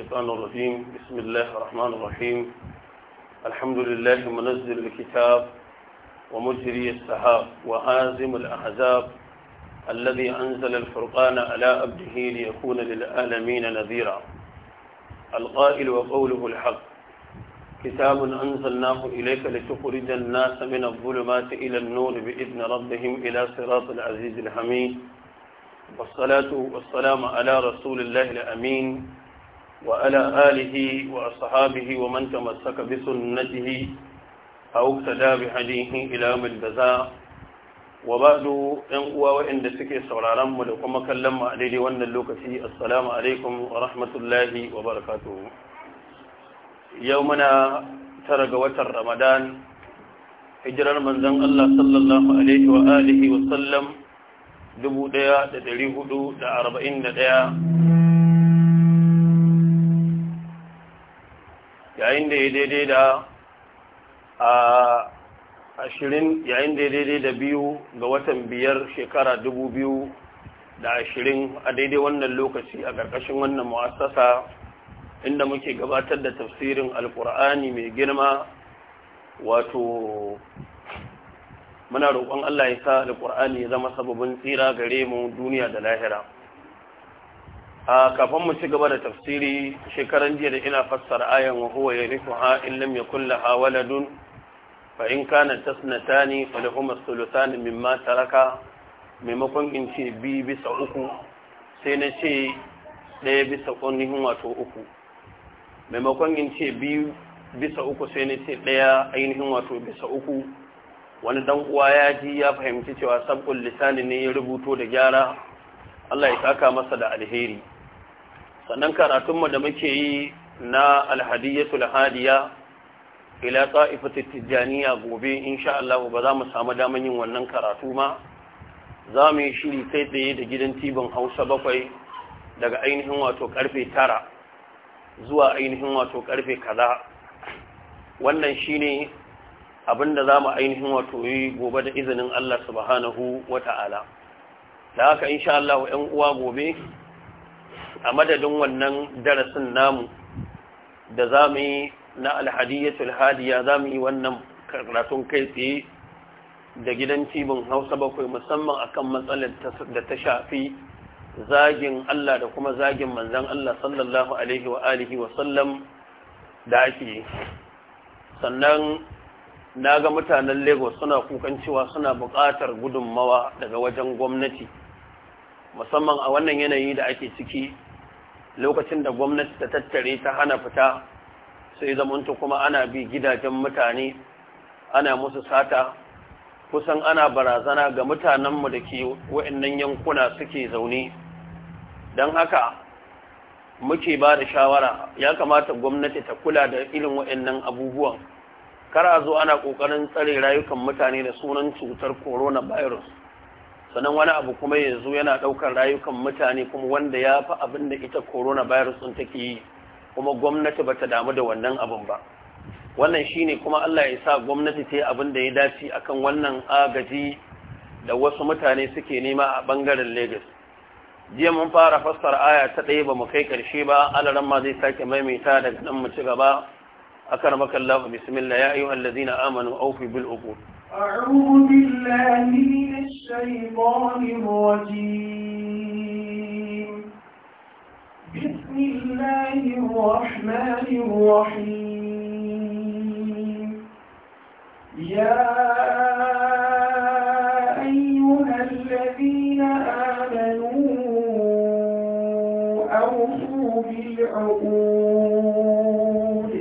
الشيطان الرجيم بسم الله الرحمن الرحيم الحمد لله منزل الكتاب ومجري السحاب وهازم الأحزاب الذي أنزل الفرقان على أبده ليكون للعالمين نذيرا القائل وقوله الحق كتاب أنزلناه إليك لتخرج الناس من الظلمات إلى النور بإذن ربهم إلى صراط العزيز الحميد والصلاة والسلام على رسول الله الأمين وعلى آله وأصحابه ومن تمسك بسنته أو اقتدى بهديه إلى ملبزاء وبعد إن قوى وإن دسكي سورارم ولكم كلم عليه وأن اللوكسي السلام عليكم ورحمة الله وبركاته يومنا ترق وتر رمضان hijirar manzon Allah sallallahu alaihi wa alihi wa sallam 1441 yayin da ya daidai da a ashirin yayin da ya daidai da biyu ga watan biyar shekara dubu biyu da ashirin a daidai wannan lokaci a ƙarƙashin wannan mu'assasa inda muke gabatar da tafsirin alƙur'ani mai girma wato muna roƙon Allah ya sa alƙur'ani ya zama sababin tsira gare mu duniya da lahira kafin mu ci gaba da tafsiri shekaran jiya da ina fassara ayan wa huwa ha in lam yakul laha waladun fa in kana tasnatani fa lahuma thuluthani mimma taraka maimakon in ce bi bisa uku sai na ce ɗaya bisa wato uku maimakon in ce biyu bisa uku sai na ce ɗaya ainihin wato bisa uku wani dan uwa ya ji ya fahimci cewa sabkul lisani ne ya rubuto da gyara Allah ya saka masa da alheri sannan karatunmu da muke yi na Alhadiyyatu Lahadiya, ila ta'ifatu tijaniya gobe insha Allah ba za mu samu daman yin wannan karatu ma za mu yi shiri kai tsaye da gidan tibin Hausa bakwai daga ainihin wato karfe tara zuwa ainihin wato karfe kaza wannan shine da za mu ainihin wato yi gobe da izinin Allah subhanahu Ta'ala. da haka insha Allah 'yan uwa gobe a madadin wannan darasin namu da za mu yi na alhadiyatul hadiya za mu yi wannan karatun kai tsaye da gidan cibin hausa bakwai musamman akan matsalar da ta shafi zagin Allah da kuma zagin manzan Allah sallallahu alaihi wa alihi wa da ake sannan na ga mutanen lagos suna kukan cewa suna buƙatar gudunmawa daga wajen gwamnati musamman a wannan yanayi da ake ciki lokacin da gwamnati ta tattare ta hana fita sai ta kuma ana bi gidajen mutane ana musu sata kusan ana barazana ga mutanenmu da ke wa'annan yankuna suke zaune don haka muke ba da shawara ya kamata gwamnati ta kula da irin wa'annan abubuwan kar a zo ana ƙoƙarin tsare rayukan mutane da sunan cutar coronavirus sannan wani abu kuma yanzu yana ɗaukar rayukan mutane kuma wanda ya fi abin da ita coronavirus sun take yi kuma gwamnati ba ta damu da wannan abin ba wannan shi ne kuma Allah ya sa gwamnati ta yi abin da ya dace akan wannan agaji da wasu mutane suke nema a ɓangaren Legas. jiya mun fara fassara aya ta ɗaya ba mu kai ƙarshe ba alaran ma zai sake maimaita daga nan mu ci gaba akan makallahu bismillah ya ayyuhallazina amanu awfi bil uqud أعوذ بالله من الشيطان الرجيم بسم الله الرحمن الرحيم يا أيها الذين آمنوا أوفوا بالعقود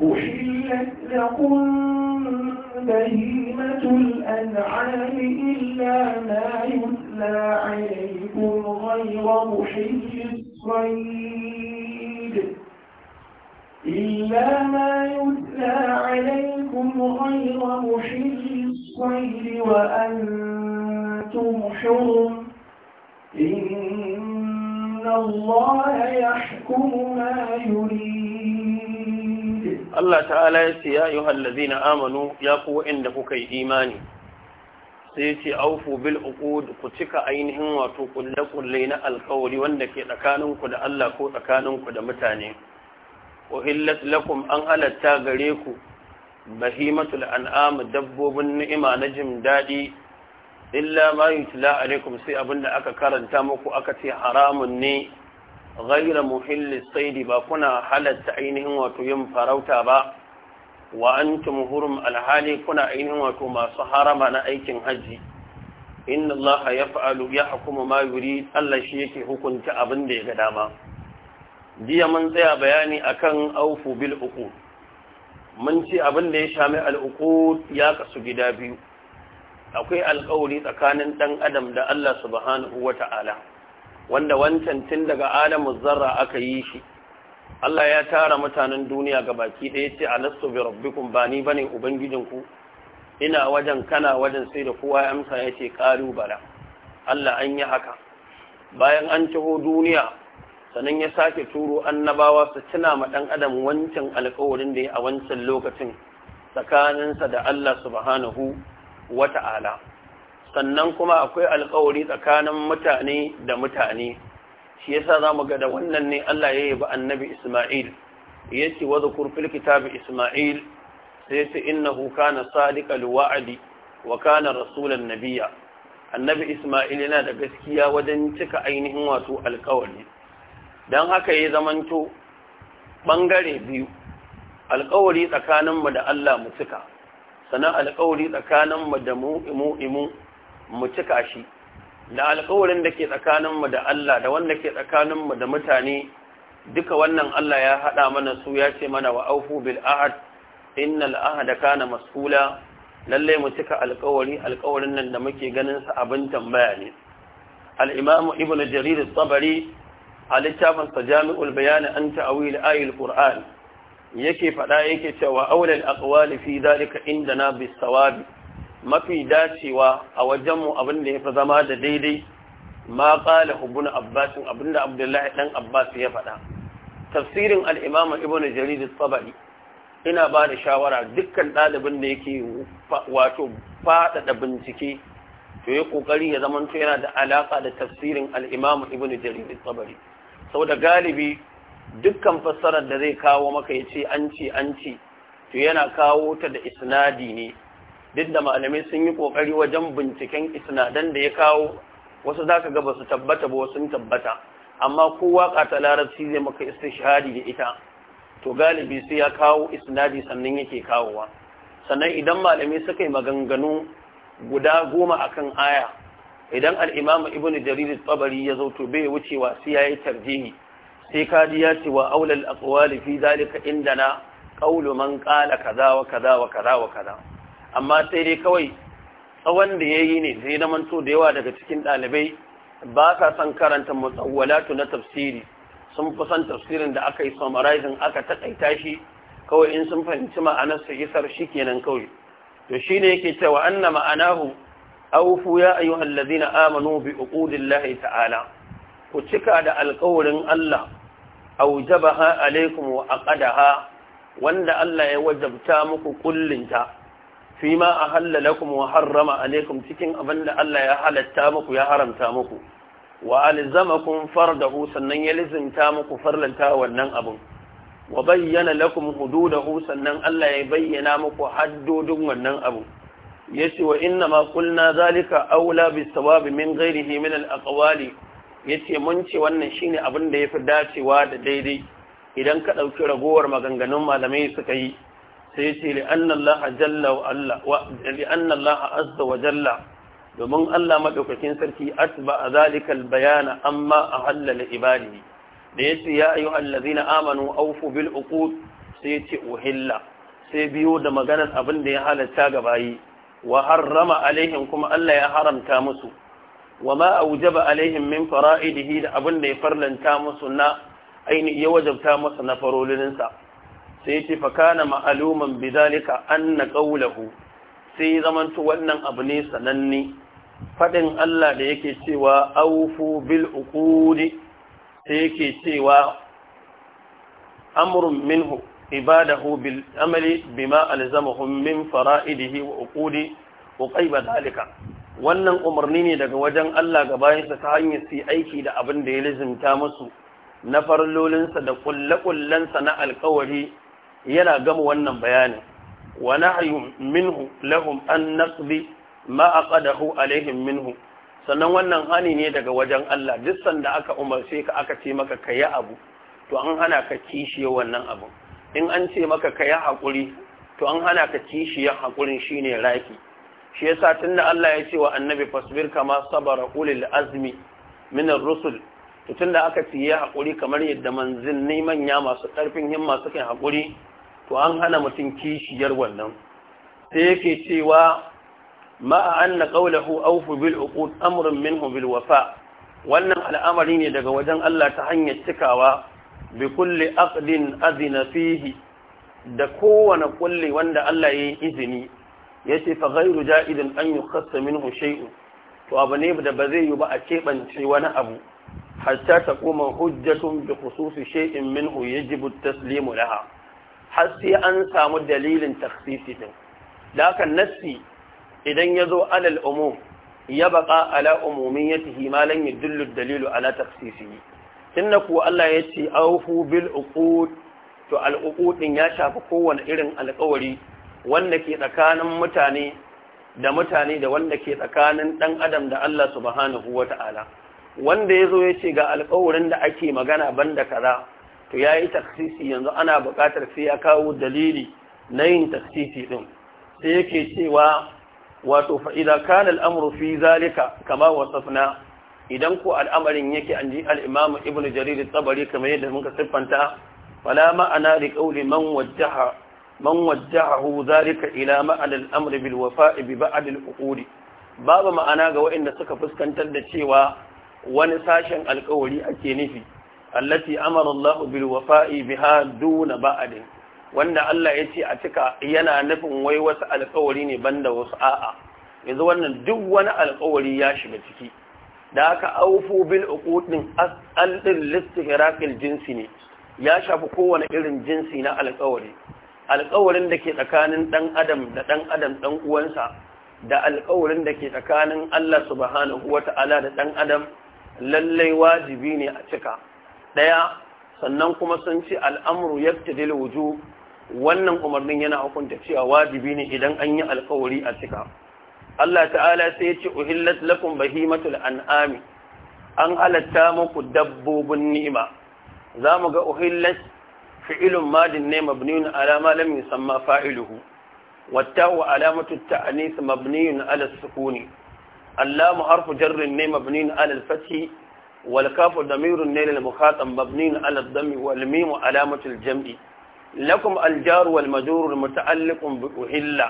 أحلت لكم بهيمة الأنعام إلا ما يتلى عليكم غير محيي الصيد إلا ما يتلى عليكم غير محيي الصيد وأنتم حرم إن الله يحكم ما يريد Allah ta'ala ya ce ya ayyuhal na amanu ya ku inda kuka yi imani sai ce aufu bil uku ku cika ainihin wato kulle-kulle na alkawari wanda ke tsakaninku da Allah ko tsakaninku da mutane uhillat lakum an halatta gare ku bahimatul an'am dabbobin ni'ima na jin daɗi illa ma yutla alaikum sai abinda aka karanta muku aka ce haramun ne غير محل الصيد باكنا حلت عينهم وتيم فروتا با وأنتم هرم الحالي كنا عينهم وتما صحرم نأيك هجي إن الله يفعل يحكم ما يريد الله شيك حكم تأبن دي قداما دي من سيا بياني أكن أوفو بالأقود من سي أبن دي شامع الأقود ياكس جدابيو أكي القولي تكان تن أدم دا الله سبحانه وتعالى wanda wancan tun daga adamu zarra aka yi shi Allah ya tara mutanen duniya ga baki ɗaya ce nasu bi rabbikun ba ni bane ubangijinku ina wajen kana wajen sai da kowa ya amsa ya ce ƙalu bala Allah an yi haka bayan an ciho duniya sannan ya sake turo annabawa su tuna ma ɗan adam wancan alƙawarin da ya a wancan lokacin tsakaninsa da Allah subhanahu wa ta'ala sannan kuma akwai alkawari tsakanin mutane da mutane shi yasa za mu ga da wannan ne Allah ya yi ba annabi Ismail ya ce wa zakur fil kitabi Ismail sai ce innahu kana sadiqal wa'di wa kana rasulan nabiyya annabi Ismail yana da gaskiya wajen cika ainihin wato alkawari dan haka ya zamanto bangare biyu alkawari tsakaninmu da Allah mu cika sannan alkawari tsakaninmu da mu imu imu mu cika shi da alƙawarin da ke tsakaninmu da Allah da wanda ke tsakaninmu da mutane duka wannan Allah ya haɗa mana su ya ce mana wa aufu bil ahad innal ahada kana mas'ula lalle mu cika alƙawari alƙawarin nan da muke ganin sa abin tambaya ne al-imamu ibnu jarir at-tabari a littafin sa jami'ul bayan an ta'wil ayatul qur'an yake faɗa yake cewa aulal aqwali fi inda indana bis sawabi mafi dacewa a wajenmu abin da ya fi zama da daidai ma ƙala hubun abbasin abin abdullahi ɗan abbas ya faɗa tafsirin al'imama ibn jaridis tabari ina ba da shawara dukkan ɗalibin da yake wato faɗaɗa bincike to ya ƙoƙari ya zama yana da alaƙa da tafsirin al'imama ibn jaridis tabari sau da galibi dukkan fassarar da zai kawo maka ya ce an ce an ce to yana kawo ta da isnadi ne duk da malamai sun yi kokari wajen binciken isnadan da ya kawo wasu za ka ga su tabbata ba wasu tabbata amma ko waka ta larabci zai maka istishhadi da ita to galibi sai ya kawo isnadi sannan yake kawowa sannan idan malamai suka yi maganganu guda goma akan aya idan al-imam ibn jarir tabari ya zo to bai wucewa sai yayi tarjihi sai ka ya ce wa aulal aqwali fi zalika indana qawlu man qala kaza wa kaza wa kaza wa kaza amma sai dai kawai tsawon da ya yi ne sai na manto da yawa daga cikin ɗalibai ba ka son karanta matsawalatu na tafsiri sun fi son tafsirin da aka yi summarizing aka taƙaita shi kawai in sun fahimci ma'anar su isar shi kenan kawai to shine yake cewa anna ma'anahu awfu ya ayyuhal ladina amanu bi uqudillahi ta'ala ku cika da alkawarin Allah aujabaha alaikum wa aqadaha wanda Allah ya wajabta muku kullinta fi ma a hallalakum wa harrama alaikum cikin abin da Allah ya halatta muku ya haramta muku wa alzamakum fardahu sannan ya lizinta muku farlanta wannan abin wa bayyana lakum hududahu sannan Allah ya bayyana muku haddodin wannan abin yace wa inna ma qulna zalika aula bisawabi min ghairihi min al Ya yace mun ce wannan shine abin da ya fi dacewa da daidai idan ka ɗauki ragowar maganganun malamai suka yi sai ce li'anna Allah Allah wa azza wa jalla domin Allah madaukakin sarki atba zalikal bayana amma a li ibadihi da yace ya ayyuhal na amanu aufu bil uku, sai ce uhilla sai biyo da maganar abin da ya halatta ga bayi wa harrama alaihim kuma Allah ya haramta musu wa ma wujaba alaihim min fara'idihi da abin da ya farlanta musu na ainihi ya wajabta musu na farolinsa sai ce fa kana ma'aluman bidalika anna qawluhu sai zamanta wannan abu ne sananne fadin Allah da yake cewa awfu bil uqudi sai yake cewa amrun minhu ibadahu bil amali bima alzamahum min fara'idihi wa uqudi uqayba dalika wannan umarni ne daga wajen Allah ga bayansa ta hanyar su aiki da abin da ya lazimta musu na farlolinsa da kullakullansa na alkawari yana gama wannan bayanin wa nahyu minhu lahum an naqdi ma aqadahu alaihim minhu sannan wannan hani ne daga wajen Allah duk sanda aka umarce ka aka ce maka kayi abu to an hana ka kishiye wannan abu in an ce maka kayi hakuri to an hana ka kishiye hakurin shine raki shi yasa tunda Allah ya ce wa annabi fasbir kama sabara ulil azmi min ar-rusul to tunda aka ce ya hakuri kamar yadda manzin neman manya masu karfin himma suka hakuri to an hana mutum kishiyar wannan sai yake cewa ma'a anna qawluhu aufu bil uqud amrun minhu bil wafa wannan al'amari ne daga wajen Allah ta hanyar cikawa bi kulli aqdin azina fihi da kowane kulli wanda Allah ya yi izini yace fa ghayru ja'idin an yukhassa minhu shay'un to abu ne da ba zai yi ba a keɓance wani abu hatta ta koma hujjatun bi khususi shay'in minhu yajibu at-taslimu laha har sai an samu dalilin taksisi din da kan nassi idan ya zo alal umum ya baka ala umumin ya tihi malan ya dillu dalilu ala Tun tunda kuwa Allah ya ce auhu bil uqud to al ya shafi kowane irin alƙawari wanda ke tsakanin mutane da mutane da wanda ke tsakanin ɗan adam da Allah subhanahu wata'ala wanda yazo ya ce ga alƙawarin da ake magana banda kaza to ya yi taksisi yanzu ana buƙatar sai ya kawo dalili na yin taksisi ɗin sai yake cewa wato fa'ida kan al'amuru fi zalika kama wasafna idan ko al'amarin yake an ji al'imamu ibn jarir tsabari kamar yadda muka siffanta fala ma'ana da ƙauli man wajjahu zalika ila ma'anar al'amuru bil wafa'i bi ba'adil uƙuri babu ma'ana ga waɗanda suka fuskantar da cewa wani sashen alƙawari ake nufi allati amara Allah bil wafa'i biha duna wanda Allah ya ce a cika yana nufin wai wasu alƙawari ne banda wasu a'a yanzu wannan duk wani alƙawari ya shiga ciki da aka aufu bil uqudin as'al listihraqil jinsi ne ya shafi kowane irin jinsi na alƙawari alƙawarin da ke tsakanin dan adam da dan adam dan uwansa da alƙawarin da ke tsakanin Allah subhanahu wata'ala da dan adam lallai wajibi ne a cika Daya sannan kuma sun ci al'amuru ya tadil wuju wannan umarnin yana hukunta cewa wajibi ne idan an yi alkawari a cika Allah ta'ala sai ya ce uhillat lakum bahimatul an'ami an halatta muku dabbobin ni'ima za mu ga uhillat fi'ilun madin ne mabniyun ala ma lam yusamma fa'iluhu wattahu alamatu ta'anisu mabniyun ala sukuni mu harfu jarrin ne mabniyun ala al والكاف ضمير النيل المخاطب مبني على الضم والميم علامة الجمع لكم الجار والمجرور متعلق بأهل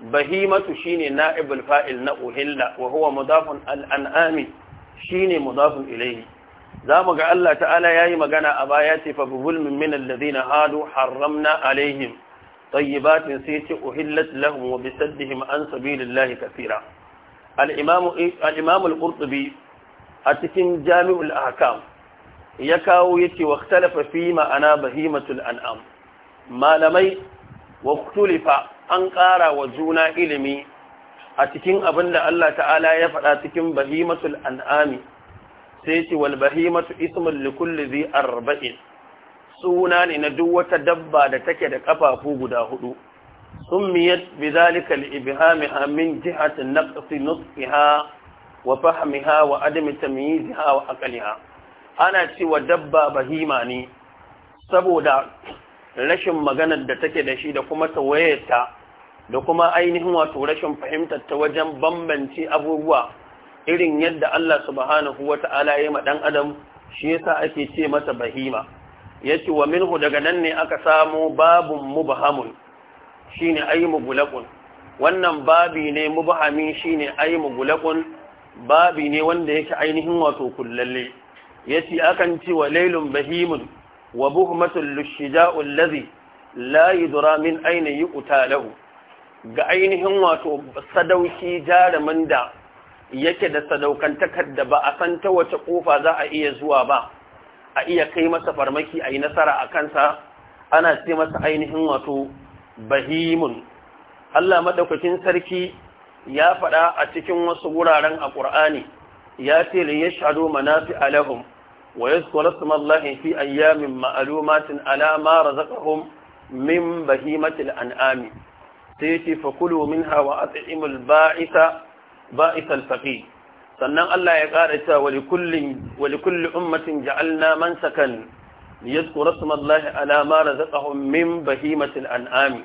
بهيمة شيني نائب الفائل نأهل وهو مضاف الأنعام شيني مضاف إليه ذا مقع الله تعالى ياي مقنا أباياتي فبظلم من الذين هادوا حرمنا عليهم طيبات سيتي أهلت لهم وبسدهم عن سبيل الله كثيرا الإمام, الإمام القرطبي a cikin jami'ul ahkam ya kawo yace wa ikhtalafa fi ma'ana bahimatul an'am malamai wa ikhtalafa an ƙara wa juna ilimi a cikin abin da Allah ta'ala ya faɗa cikin bahimatul an'ami sai ce wal bahimatu ismun likulli kulli zi arba'in suna ne na duk wata dabba da take da kafafu guda hudu summiyat bi zalika li ibhamiha min jihati naqsi nusqiha wa fahimha wa adami tamyizha wa aqliha ana cewa dabba bahima ne saboda rashin maganar da take da shi da kuma tawayarta da kuma ainihin wato rashin fahimtar ta wajen bambance abubuwa irin yadda Allah subhanahu wata'ala ya ma dan adam shi yasa ake ce mata bahima yace wa minhu daga nan ne aka samu babun mubhamun shine ayyu mugulakun wannan babi ne mubhami shine ayyu mugulakun babi ne wanda yake ainihin wato kullalle yace akan ci wa laylun bahimun wa buhmatul lushija'u allazi la yudra min ayna yuqtalahu ga ainihin wato sadauki jarumin da yake da sadaukantakar da ba a san ta wace kofa za a iya zuwa ba a iya kai masa farmaki ayi nasara a kansa ana ce masa ainihin wato bahimun Allah madaukakin sarki ya faɗa a cikin wasu wuraren a ƙur'ani ya ce li yashhadu manafi alahum wa yadhkuru isma allahi fi ayyamin ma'lumatin ala ma razaqahum min bahimatil an'ami sai ce fakulu minha wa at'imul ba'isa ba'isal faqih sannan Allah ya ƙara ta wali kulli ummatin ja'alna man sakan liyadhkuru isma allahi ala ma razaqahum min bahimatil an'ami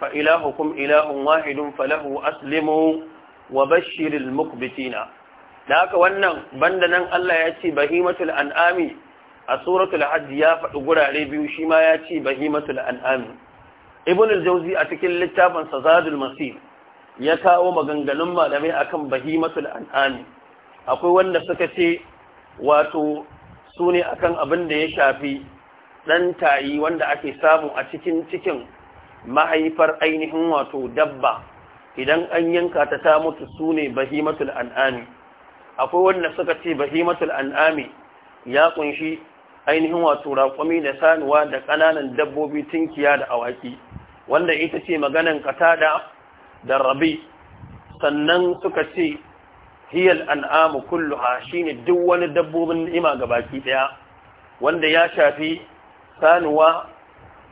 فإلهكم إله واحد فله أسلموا وبشر المقبتين لك وانا بندنا الله يأتي بهيمة الأنعام سورة الحج يا فقر علي بيوشيما يأتي بهيمة الأنعام ابن الجوزي أتكل للتابا سزاد المسيح يكاو مغنغلما malamai akan bahimatul an'am akwai wanda suka ce wato sune akan abin da ya shafi dan tayi wanda ake samu a cikin cikin mahaifar ainihin wato dabba idan an yanka ta ta mutu su ne bahimatul an'ami akwai wanda suka ce bahimatul an'ami ya kunshi ainihin wato raƙumi da sanuwa da ƙananan dabbobi tunkiya da awaki wanda ita ce maganan katada da rabi sannan suka ce hiyal an'amu kulluha shine duk wani dabbobin ni'ima ga baki ɗaya wanda ya shafi sanuwa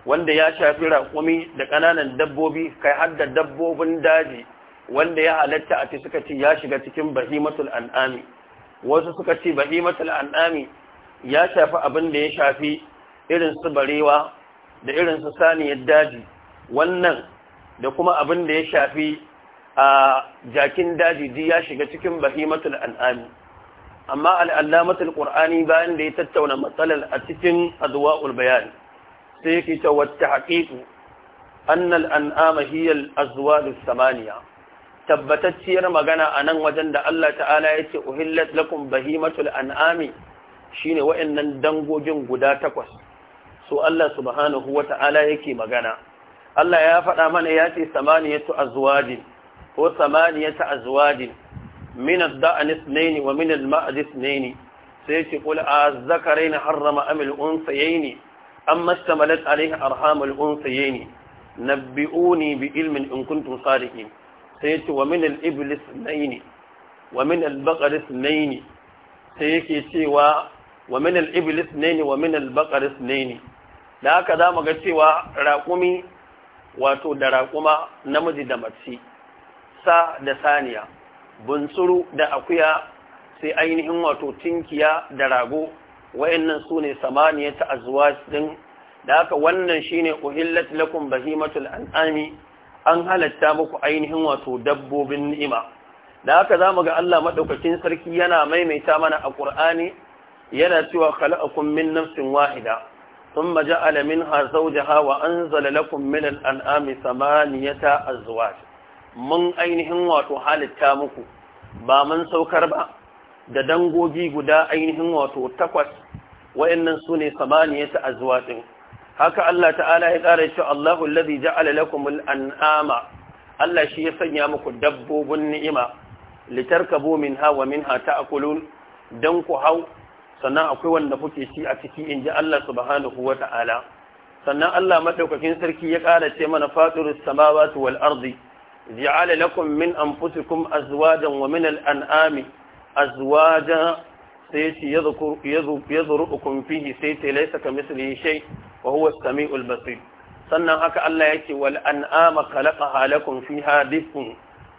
wanda ya shafi raƙumi da ƙananan dabbobi kai hadda dabbobin daji wanda ya halatta a ci suka ya shiga cikin bahimatul an'ami wasu suka ci bahimatul an'ami ya shafi abin da ya shafi irin su barewa da irin su saniyar daji wannan da kuma abin da ya shafi a jakin daji ji ya shiga cikin bahimatul an'ami amma al'allamatul qur'ani bayan da ya tattauna matsalar a cikin adwa'ul bayani sai yake ta wata haƙiƙu annal an'ama hiyal azwalu samaniya tabbatacciyar magana a nan wajen da Allah ta'ala ya ce uhillat lakum bahimatul an'ami shine wa'annan dangogin guda takwas so Allah subhanahu wata'ala yake magana Allah ya faɗa mana ya ce samaniyatu azwajin ko samaniyatu azwajin min ad-da'n ithnayn wa min al sai ce qul az-zakarayn harrama am al-unthayayn amma istamalat alaihi arhamul unsayni nabbi'uni bi ilmin in kuntum sadiqin sai yace wa min al-iblis nayni wa min al-baqar nayni sai yake cewa wa min al-iblis nayni wa min al-baqar nayni da haka zamu ga cewa raqumi wato da raquma namiji da mace sa da saniya bunsuru da akuya sai ainihin wato tinkiya da rago wayannan sune ta azwaj din da aka wannan shine uhillat lakun bahimatul an'ami an halatta muku ainihin wato dabbobin ni'ima da za zamu ga Allah maɗaukacin sarki yana maimaita mana a ƙurani yana cewa khalaqakum min nafsin wahida thumma ja'ala da hawa an anzala lakum min al-an'ami ta azwaj mun ainihin wato halitta muku ba mun saukar ba da dangogi guda ainihin wato takwas ne sune samaniyatu azwajin haka Allah ta'ala ya ƙara cewa Allahu allazi ja'ala lakumul an'ama Allah shi ya sanya muku dabbobin ni'ima litarkabu minha wa minha ta'kulun dan ku hau sannan akwai wanda kuke ci a ciki inji Allah subhanahu wata'ala sannan Allah madaukakin sarki ya ƙara ce mana fatirus samawati wal arzi ja'ala lakum min anfusikum azwajan wa min al an'ami azwajan sai ya ce ya zuru fihi sai ce laisa ka wa huwa samiul basir sannan haka Allah yake wal an'ama khalaqaha lakum fiha difun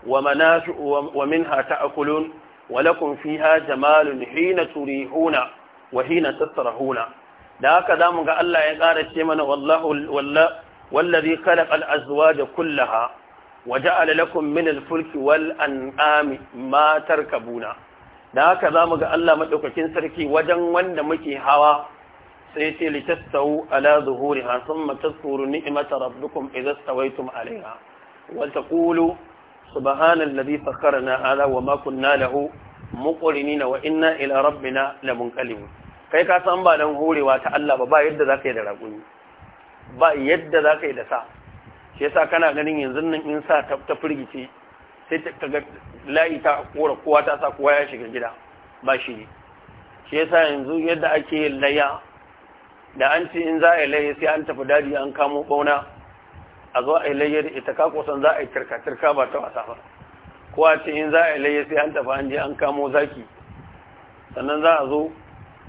wa manafi'u wa minha ta'kulun wa lakum fiha jamalun hina turihuna wa hina tasrahuna da haka zamu ga Allah ya kara ce mana wallahu wallahu wallazi khalaqa al-azwaja kullaha وجعل لكم من الفلك والأنعام ما تركبون da haka za mu ga Allah maɗaukakin sarki wajen wanda muke hawa sai ce litattau ala zuhuri ha sun matazkuru ni'imata rabbukum idza stawaitum alaiha wa taqulu subhana alladhi fakharna ala wa ma kunna lahu muqrinina wa inna ila rabbina lamunqalibun kai ka san ba dan horewa ta Allah ba ba yadda zaka yi da raƙuni ba yadda zaka yi da sa shi yasa kana ganin yanzu nan in sa ta firgice sai ta ga layi ta kora kowa ta sa kowa ya shiga gida ba shi ne shi yasa yanzu yadda ake yin layya da an ci in za a yi layya sai an tafi daji an kamo bauna a zo a yi layya da ita kakosan za a yi tirka-tirka ba ta wasa ba kowa ce in za a yi layya sai an tafi an je an kamo zaki sannan za a zo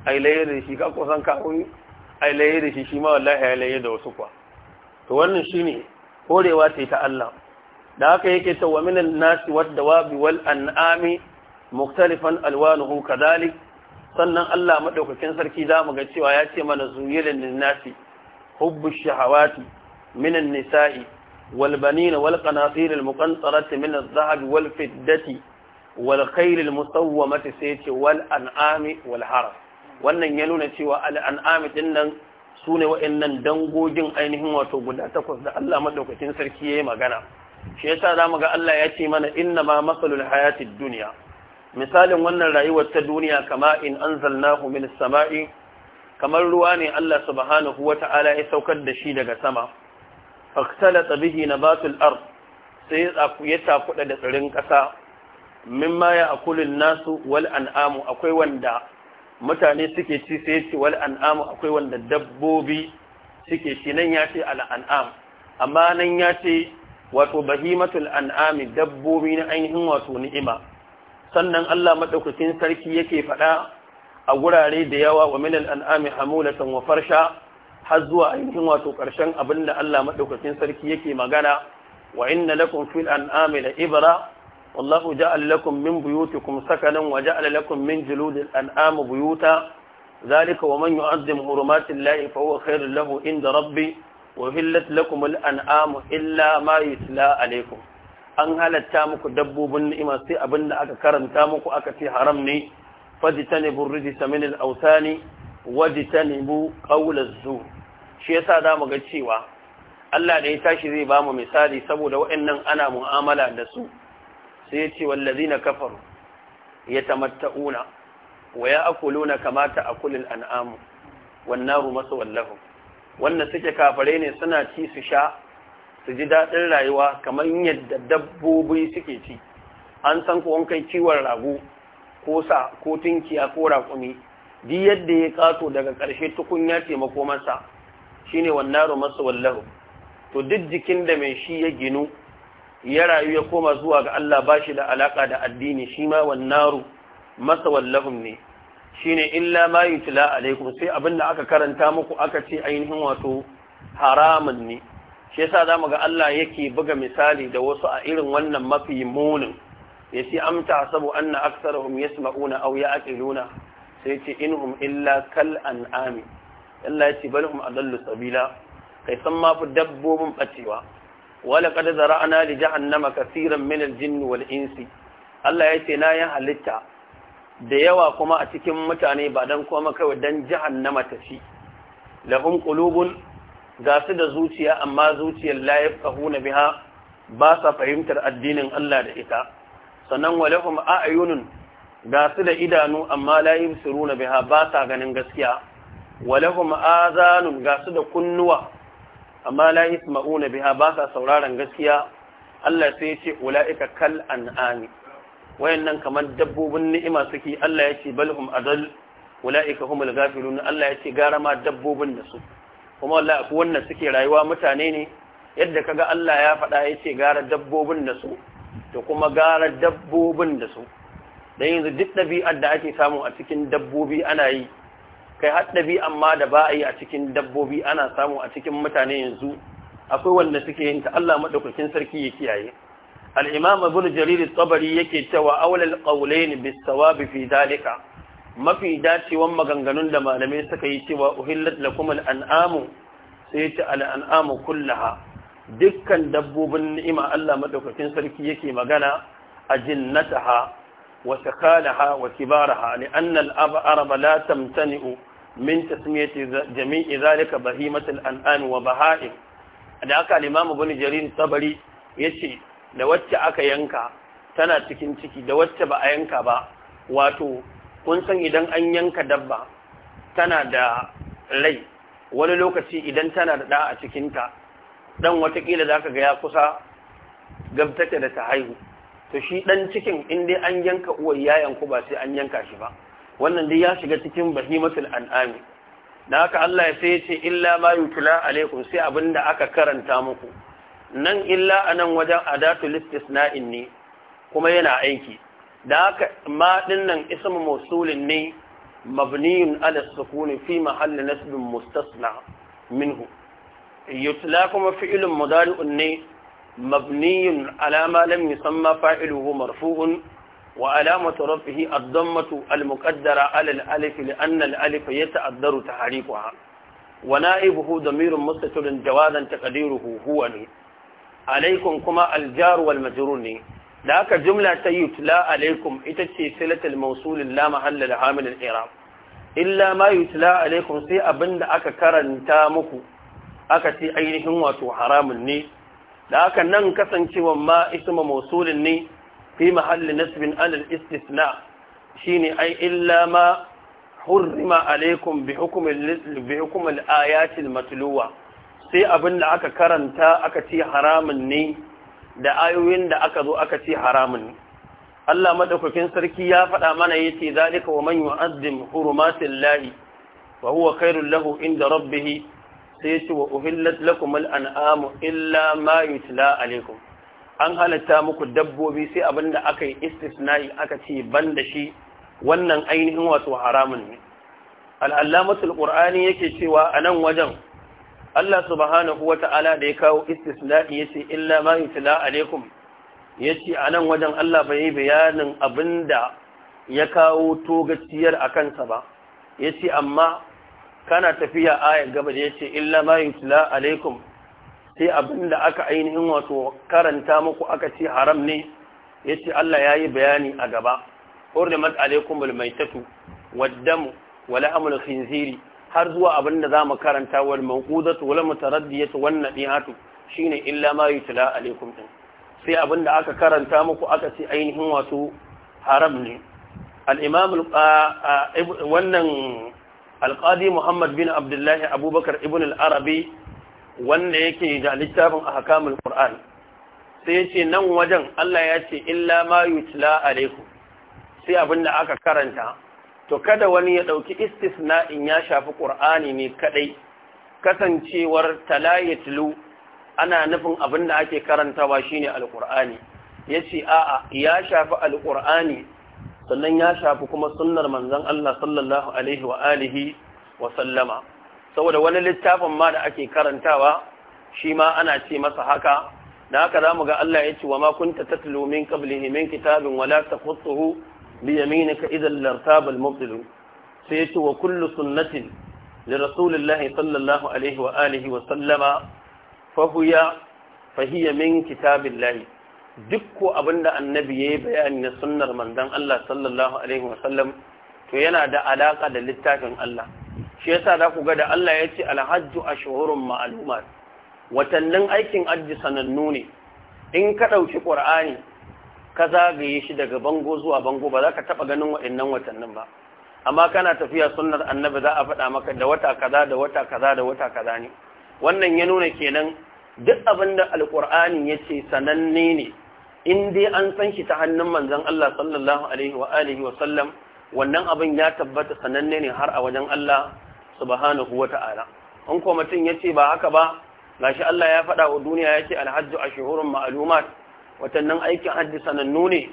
a yi layya da shi kakosan kawo a yi layya da shi shi ma wallahi a yi layya da wasu kuwa. to wannan shi ne korewa ce ta Allah da haka yake ta wa minan nasi wadda wabi wal an'ami muktalifan alwanuhu kadalik sannan Allah madaukakin sarki mu ga cewa ya ce mana zuyilin nasi hubbu shahawati minan nisa'i wal banin wal qanatir al muqantarati min al dhahab wal fiddati wal khayl al musawwamati sai ce wal an'ami wal harf wannan ya nuna cewa al an'ami dinnan sune wa'annan dangogin ainihin wato guda takwas da Allah madaukakin sarki yayi magana shi yasa zamu ga Allah ya ce mana inna ma masalul hayatid duniya? misalin wannan rayuwar ta duniya kama in anzalnahu min samai kamar ruwa ne Allah subhanahu wata'ala ya saukar da shi daga sama faktalata bihi batul ard sai ya takuda da tsirin kasa mimma ya akulun nasu wal an'amu akwai wanda mutane suke ci sai ya ce wal an'amu akwai wanda dabbobi suke ci nan ya ce al an'am amma nan ya ce wato bahimatul an'ami dabbobi na ainihin wato ni'ima sannan Allah madaukakin sarki yake faɗa a gurare da yawa wa minal an'ami hamulatan wa farsha har zuwa ainihin wato ƙarshen abinda Allah madaukakin sarki yake magana wa inna lakum fil an'ami la ibra wallahu ja'al lakum min buyutikum sakanan wa ja'al lakum min juludil an'ami buyuta ذلك ومن يعظم حرمات الله فهو khairul lahu inda Rabbi. wa hillat lakum al'an'amu illa ma yutla alaikum an halatta muku dabbobin ni'ima sai abin da aka karanta muku aka ce haram ne fajtanibu rijsa min al-awsani wajtanibu qawl az-zur shi yasa zamu ga cewa Allah da ya tashi zai bamu misali saboda waɗannan ana mu'amala da su sai ya ce wallazina kafaru yatamatta'una wa ya'kuluna kama ta'kulul an'amu wan naru masawallahum wanda suke kafare ne suna ci su sha su ji daɗin rayuwa kamar yadda dabbobi suke ci an san ko kai ciwon rago ko sa ko tunkiya ko raƙumi di yadda ya kato daga ƙarshe tukunya taimako masa shine wannan masa wallahu to duk jikin da mai shi ya ginu ya rayu ya koma zuwa ga Allah ba shi da alaka da addini shi ma wannan masa wallahum ne shine illa ma yutla alaikum sai abin da aka karanta muku aka ce ainihin wato haramun ne shi yasa zamu ga Allah yake buga misali da wasu a irin wannan mafi munin ya yace amta sabu anna aktsaruhum yasma'una aw ya'qiluna sai in inhum illa kal an'ami Allah yace balhum adallu sabila kai san ma fi dabbobin bacewa wala qad zara'na li jahannama kaseeran min al-jinni wal insi Allah ya ce na yi halitta da yawa kuma a cikin mutane ba don kuma kawai don jahannama tafi lahum qulubun ga su da zuciya amma zuciyar la yafqahuna biha ba sa fahimtar addinin Allah da ita sannan walahum a'yunun ga su da idanu amma la suruna biha ba sa ganin gaskiya walahum azanun ga su da kunnuwa amma la yasma'una biha ba sa sauraron gaskiya Allah sai ya ce ula'ika kal an'ami wayannan kamar dabbobin ni'ima suke Allah ya ce balhum adal ulaika humul ghafilun Allah ya ce gara ma dabbobin da su kuma wallahi akwai wannan suke rayuwa mutane ne yadda kaga Allah ya faɗa ya ce gara dabbobin da su da kuma gara dabbobin da su dan yanzu duk ɗabi'ar da ake samu a cikin dabbobi ana yi kai har ɗabi'an amma da ba a yi a cikin dabbobi ana samu a cikin mutane yanzu akwai wanda suke yin ta Allah madaukakin sarki ya kiyaye al-imam ibn tsabari yake tabari yake cewa awlal qawlayn bis-sawab fi dalika mafi dacewan maganganun da malamai suka yi cewa uhillat lakum al-an'amu sai ta al-an'amu kullaha dukkan dabbobin ni'ima Allah madaukakin sarki yake magana a jinnataha wa sakalaha wa kibaraha li anna al-arab la tamtani'u min tasmiyati jami'i zalika bahimatul an'am wa baha'im da aka al-imam ibn jarir tabari yace da wacce aka yanka tana cikin ciki da wacce ba a yanka ba wato kun san idan an yanka dabba tana da rai wani lokaci idan tana da ɗa a cikinta ɗan watakila za ka ga ya kusa gabtake da ta haihu to shi ɗan cikin inda an yanka uwar yayan ku ba sai an yanka shi ba wannan dai ya shiga cikin bahimatul an'ami da haka Allah ya sai ce illa ma yutula alaikum sai abinda aka karanta muku nan illa a nan wajen adatul istisna'in ne kuma yana aiki da haka ma dinnan ismu mausulin ne mabniyun ala sukuni fi mahalli nasbin mustasna minhu yutla kuma fi'ilun mudari'un ne mabniyun ala ma lam yusamma fa'iluhu marfu'un wa alamatu rafihi ad-dammatu al-muqaddara ala al-alif li'anna al-alif yata'addaru tahriquha wa na'ibuhu damirun mustatirun jawadan taqdiruhu huwa ne alaikum kuma aljaru wal majrur ne da haka jumla ta yutla alaikum ita ce silatul mawsulin la mahalla da hamilin i'rab illa ma yutla alaikum sai abinda aka karanta muku aka ce ainihin wato haramun ne da haka nan kasancewa ma isma mawsulin ne fi mahalli nasbin alal istisna shine ai illa ma hurrima alaikum bi hukm bi al matluwa sai abin da aka karanta aka ce haramun ne da ayoyin da aka zo aka ce haramun ne Allah madaukakin sarki ya faɗa mana yace zalika wa man yu'azzim hurumatil lahi wa huwa khairul lahu inda rabbih sai yace wa uhillat lakum al an'amu illa ma yutla alaikum an halatta muku dabbobi sai abinda aka yi istisna'i aka ce banda shi wannan ainihin wato haramun ne al-allamatul qur'ani yake cewa anan wajen Allah subhanahu wa ta'ala da ya kawo istisna'i ya ce illa ma tila alaikum ya ce a nan wajen Allah bai yi bayanin abin da ya kawo togaciyar a kansa ba ya ce amma kana tafiya ayar gaba da ya ce illa ma tila alaikum sai abin da aka ainihin wato karanta muku aka ce haram ne ya ce Allah ya yi bayani a gaba hurrimat alaikum waddamu wala amul khinziri har zuwa abin da za mu karanta wal manqudatu wal mutaraddiyatu wan nadihatu shine illa ma yutla alaikum din sai abin da aka karanta muku aka ce ainihin wato haram ne al-imam wannan al-qadi Muhammad bin Abdullahi Abubakar ibn al-Arabi wanda yake da littafin ahkamul Qur'an sai yace nan wajen Allah ya ce illa ma yutla alaikum sai abin da aka karanta to kada wani ya ɗauki istisna'in ya shafi ƙur'ani ne kaɗai kasancewar talayatlu ana nufin abin da ake karantawa shine alƙur'ani ya ce a'a ya shafi alƙur'ani sannan ya shafi kuma sunnar manzon Allah sallallahu alaihi wa wa sallama saboda wani littafin ma da ake karantawa shi ma ana ce masa haka da haka za ga Allah ya ce wa ma kunta tatlu min qablihi kitabin wala taqutuhu بيمينك إذا لارتاب المبطل سيت وكل سنة لرسول الله صلى الله عليه وآله وسلم فهي فهي من كتاب الله abinda annabi ya yi bayani na sunnar manzon Allah sallallahu to yana da alaka da littafin Allah shi yasa za ku ga da Allah ya ce alhajju ashhurun ma'lumat watannin aikin hajji sanannu ne in ka ɗauki ƙur'ani ka zagaye shi daga bango zuwa bango ba za ka taɓa ganin waɗannan watannin ba amma kana tafiya sunnar annabi za a faɗa maka da wata kaza da wata kaza da wata kaza ne wannan ya nuna kenan duk abin da alƙur'ani ya ce sananne ne in dai an san shi ta hannun manzon Allah sallallahu alaihi wa alihi wa sallam wannan abin ya tabbata sananne ne har a wajen Allah subhanahu wa ta'ala in ko mutum ya ce ba haka ba gashi Allah ya faɗa wa duniya ya ce alhajju ashhurun ma'lumat watannin aikin hajji sanannu ne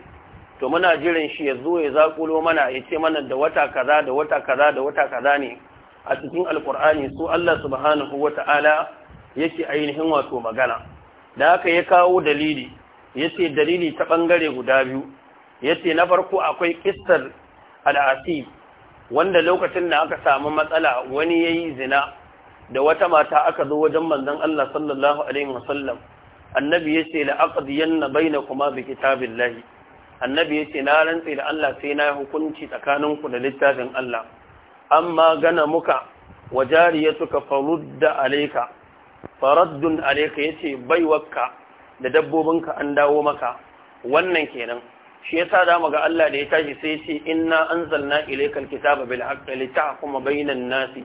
to muna jiran shi ya zo ya zaƙulo mana ya ce mana da wata kaza da wata kaza da wata kaza ne a cikin alkur'ani su Allah subhanahu wata'ala yake ainihin wato magana da haka ya kawo dalili yace dalili ta ɓangare guda biyu yace na farko akwai kissar al'asib wanda lokacin da aka samu matsala wani yayi zina da wata mata aka zo wajen manzon Allah sallallahu alaihi wasallam annabi yace na aqdiyanna bainakuma bi kitabillahi annabi yace na rantse da Allah sai na hukunci tsakaninku da littafin Allah amma gana muka wa wajariyatuka farudda alayka faraddun alayka yace baiwarka da dabbobinka an dawo maka wannan kenan shi yasa da ga Allah da ya tashi sai yace inna anzalna ilaykal kitaba bil haqqi litahkuma bainan nasi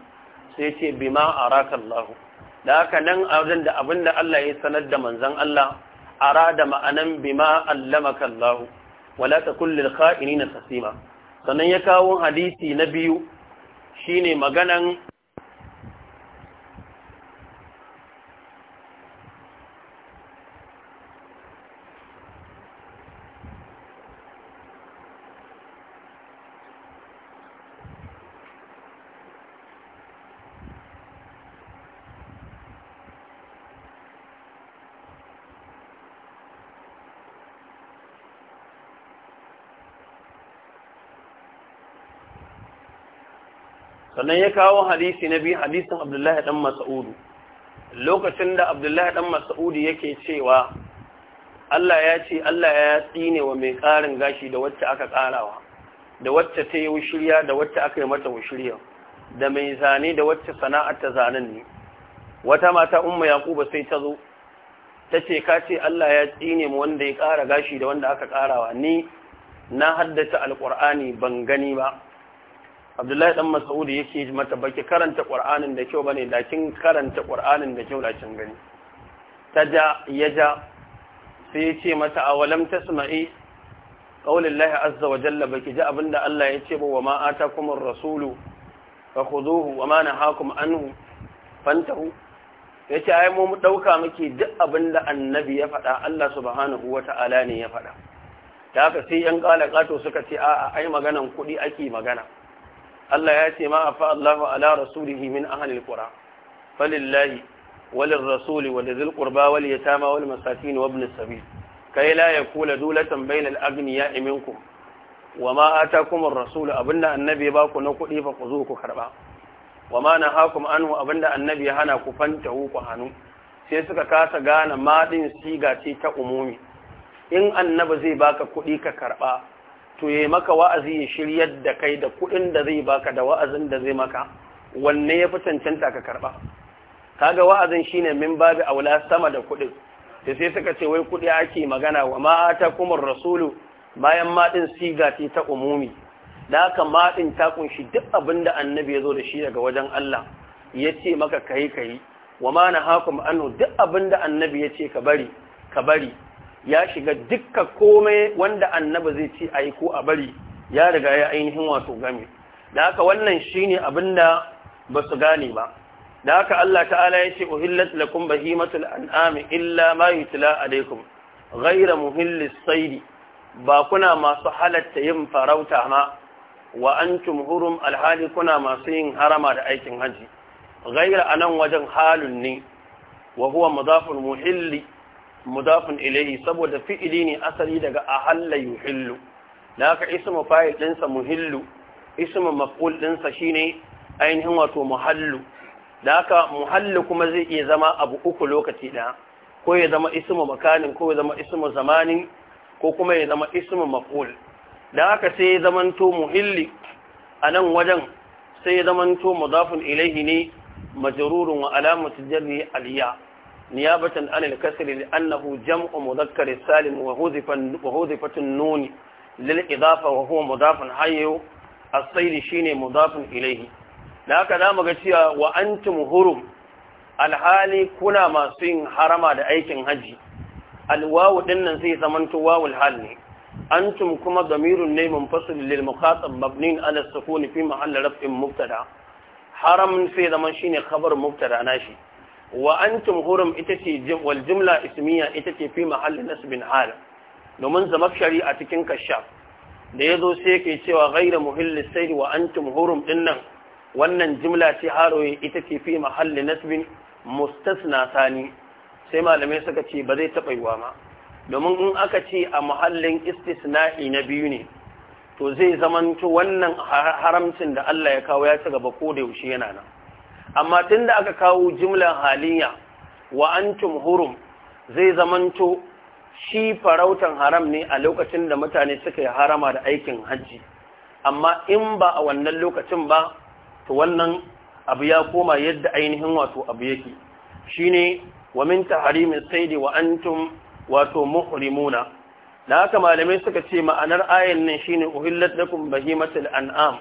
sai bi bima araka Lahu. da haka nan a wajen da abin da Allah ya sanar da manzan Allah arada ma'anan bima allamaka Allah wala takul lil kha'inina khasima sannan ya kawo hadisi na biyu shine maganan sannan ya kawo hadisi na biyu hadisin abdullahi dan masa'udu lokacin da abdullahi dan mas'udu yake cewa Allah ya ce Allah ya tsine wa mai ƙarin gashi da wacce aka ƙarawa da wacce ta yi shirya da wacce aka yi mata wushirya da mai zane da wacce sana'ar ta zanen ne wata mata umma yaquba sai ta zo ta ce ka ce Allah ya tsine mu wanda ya ƙara gashi da wanda aka ƙarawa ni na haddace alƙur'ani ban gani ba abdullahi dan mas'ud yake mata baki karanta qur'anin da kyau bane da karanta qur'anin da kyau da kin gani taja yaja sai ya ce mata awalam tasma'i qaulillahi azza wa jalla baki ji abinda Allah ya ce ba wa ma atakumur rasulu fakhuduhu wa ma nahakum anhu fantahu ya ai mu ɗauka muke duk abinda annabi ya faɗa Allah subhanahu wa ta'ala ne ya faɗa Ta haka sai ‘yan ƙala kato suka ce a'a ai maganan kuɗi ake magana Allah ya ce ma afa Allahu ala rasulihi min ahlil qura falillahi walil rasul walil qurba wal yatama wal masakin wa sabil kai la yakula dulatan bainal agniya minkum wama atakum ar-rasul abinda annabi ba ku na kudi fa ku zo ku karba wama nahakum anhu abinda annabi ya hana ku fanta ku hanu sai suka kasa gane madin siga ce ta umumi in annabi zai baka kudi ka karba to yi maka wa'azi ya shiryar da kai da kuɗin da zai baka da wa'azin da zai maka wanne ya fi cancanta ka karɓa Ka ga wa'azin shine min babi a wula sama da kuɗin da sai suka ce wai kuɗi ake magana wa ma’ata kuma rasulu bayan maɗin siga ce ta umumi da aka maɗin ta ƙunshi duk abin da annabi ya zo da shi daga wajen Allah ya ce maka kayi kayi wa ma na duk abin da annabi ya ce ka bari ka bari ya shiga dukkan komai wanda annabi zai ci aiko ko a bari ya riga ya ainihin wato game da haka wannan shine abinda ba su gane ba da haka Allah ta'ala ya ce uhillat lakum bahimatul an'ami illa ma yutla alaikum ghayra muhillis saidi ba kuna masu halatta yin farauta ma wa antum hurum alhali kuna masu yin harama da aikin haji ghayra anan wajen halun ne wa huwa mudafun muhilli mudafin ilayhi saboda fi'ili ne asali daga ahalla yuhillu da haka ismu fa'il dinsa muhillu ismu maf'ul dinsa shine ainihin wato muhallu da haka muhallu kuma zai iya zama abu uku lokaci ɗaya ko ya zama ismu makanin ko ya zama ismu zamanin ko kuma ya zama ismu maf'ul da haka sai ya zamanto muhilli a nan wajen sai ya zamanto mudafin ilaihi ne majrurun wa alamatu jarri aliya نيابة عن الكسر لأنه جمع مذكر سالم وهذفت النون للإضافة وهو مضاف حي الصيد شين مضاف إليه لك دام قتيا وأنتم هرم الحالي كنا ما سين حرما دأيك هجي الواو دنا سي زمنت واو الحال أنتم كما ضمير النيم منفصل للمخاطب مبنين على السكون في محل رفع مبتدأ حرم سي زمن شين خبر مبتدأ ناشي wa antum hurum ita ce wal jumla ismiya ita ce fi mahallin nasbin hal domin zamakshari a cikin kashaf da yazo sai yake cewa ghayra muhilli sayd wa antum hurum dinnan wannan jumla ce haroye ita ce fi mahallin nasbin mustasna sani sai malamai suka ce ba zai taɓa yiwa ma domin in aka ce a muhallin istisna'i na biyu ne to zai zamanto wannan haramcin da Allah ya kawo ya ci gaba ko da yaushe yana nan amma tun da aka kawo jimlan haliyya, wa antum hurum zai zamanto shi farautan haram ne a lokacin da mutane suka yi harama da aikin hajji amma in ba a wannan lokacin ba to wannan abu ya koma yadda ainihin wato abu yake shine wa min tahrimis saidi wa antum wato muhrimuna da haka malamai suka ce ma'anar ayan nan shine uhillat lakum bahimatul an'am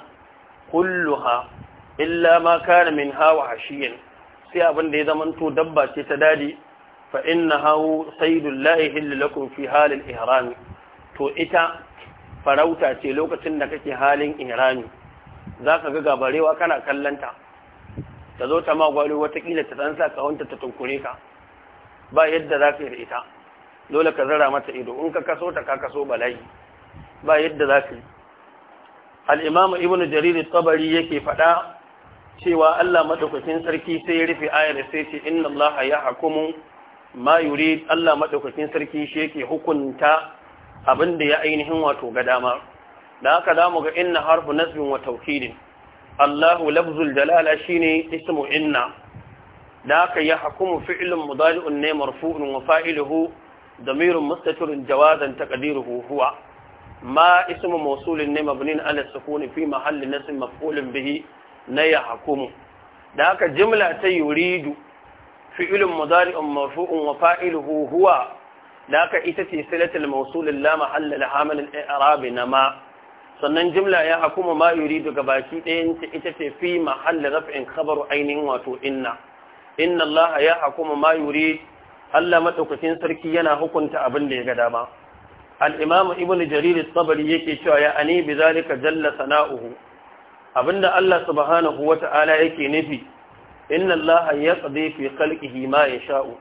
kulluha illa ma kana min hawa hashiyan sai abin da ya zamanto dabba ce ta dadi fa inna hawu saydul la yahillu lakum fi halil ihram to ita farauta ce lokacin da kake halin ihrami zaka ga gabarewa kana kallanta ta zo ta magwari watakila ta dan sa kawanta ta tunkure ka ba yadda zaka yi da ita dole ka zara mata ido in ka kaso ta ka kaso bala'i ba yadda zaka yi al-imam ibnu jarir at-tabari yake fada cewa Allah madaukakin sarki sai ya rufe ayar sai ce inna Allah ya hukumu ma yurid Allah madaukakin sarki shi yake hukunta abin da ya ainihin wato ga dama da haka zamu ga inna harfu nasbin wa tawkidin Allahu lafzul jalala shine ismu inna da haka ya hukumu fi'lun mudari'un ne marfu'un wa fa'iluhu damirun mustatirun jawazan taqdiruhu huwa ما اسم موصول مبني ne السكون في محل نسب مفعول bihi? na ya hakumu da haka jimla ta yuridu fi'ilun mudari'un marfu'un wa fa'iluhu huwa da haka ita ce silatul mawsulin la mahalla la hamil irab na ma sannan jimla ya hakuma ma yuridu gabaki ɗayan ce ita ce fi mahall raf'in khabaru ainihin wato inna inna Allah ya hakuma ma yurid Allah madaukakin sarki yana hukunta abin da ya ga dama al-imam ibnu jarir at-tabari yake cewa ya ani bi zalika jalla sana'uhu abinda Allah subhanahu wata'ala yake nufi inna Allah yaqdi fi khalqihi ma yasha'u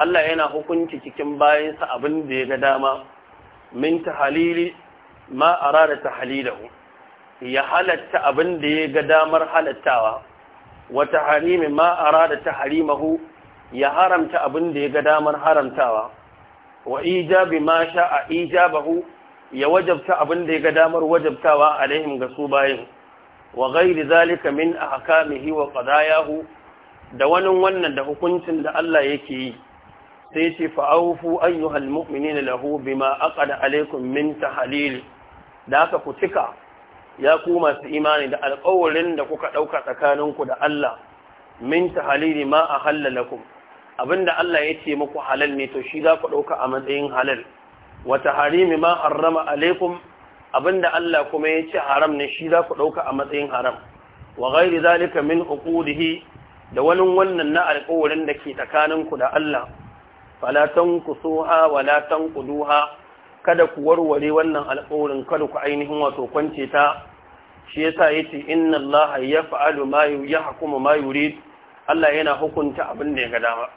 Allah yana hukunci cikin bayansa abin da ya ga dama min halili ma arada halilahu ya halatta abin da ya ga damar halattawa wa harimi ma arada harimahu ya haramta abin da ya ga damar haramtawa wa ijabi ma sha'a ijabahu ya wajabta abin da ya ga damar wajabtawa alaihim ga su bayin wa gairi zalika min ahkamihi wa qadayahu da wani wannan da hukuncin da Allah yake yi sai ce fa'aufu ayyuhal mu'minina lahu bima da alaikum min tahlil da haka ku cika ya ku masu imani da alƙawarin da kuka ɗauka tsakaninku da Allah min tahlili ma a halalakum abinda Allah ya ce muku halal ne to shi za ku ɗauka a matsayin halal wata harimi ma harrama alaikum Abin da Allah kuma ya ce haram ne shi za ku ɗauka a matsayin haram wa gairi zalika min uqudihi da wani wannan na alƙawarin da ke tsakanin ku da Allah fala tankusuha wala tanquduha kada ku warware wannan alƙawarin kada ku ainihin wato kwance ta shi yasa yace inna Allah yaf'alu ma yuhkumu ma yurid Allah yana hukunta abin da ya ga dama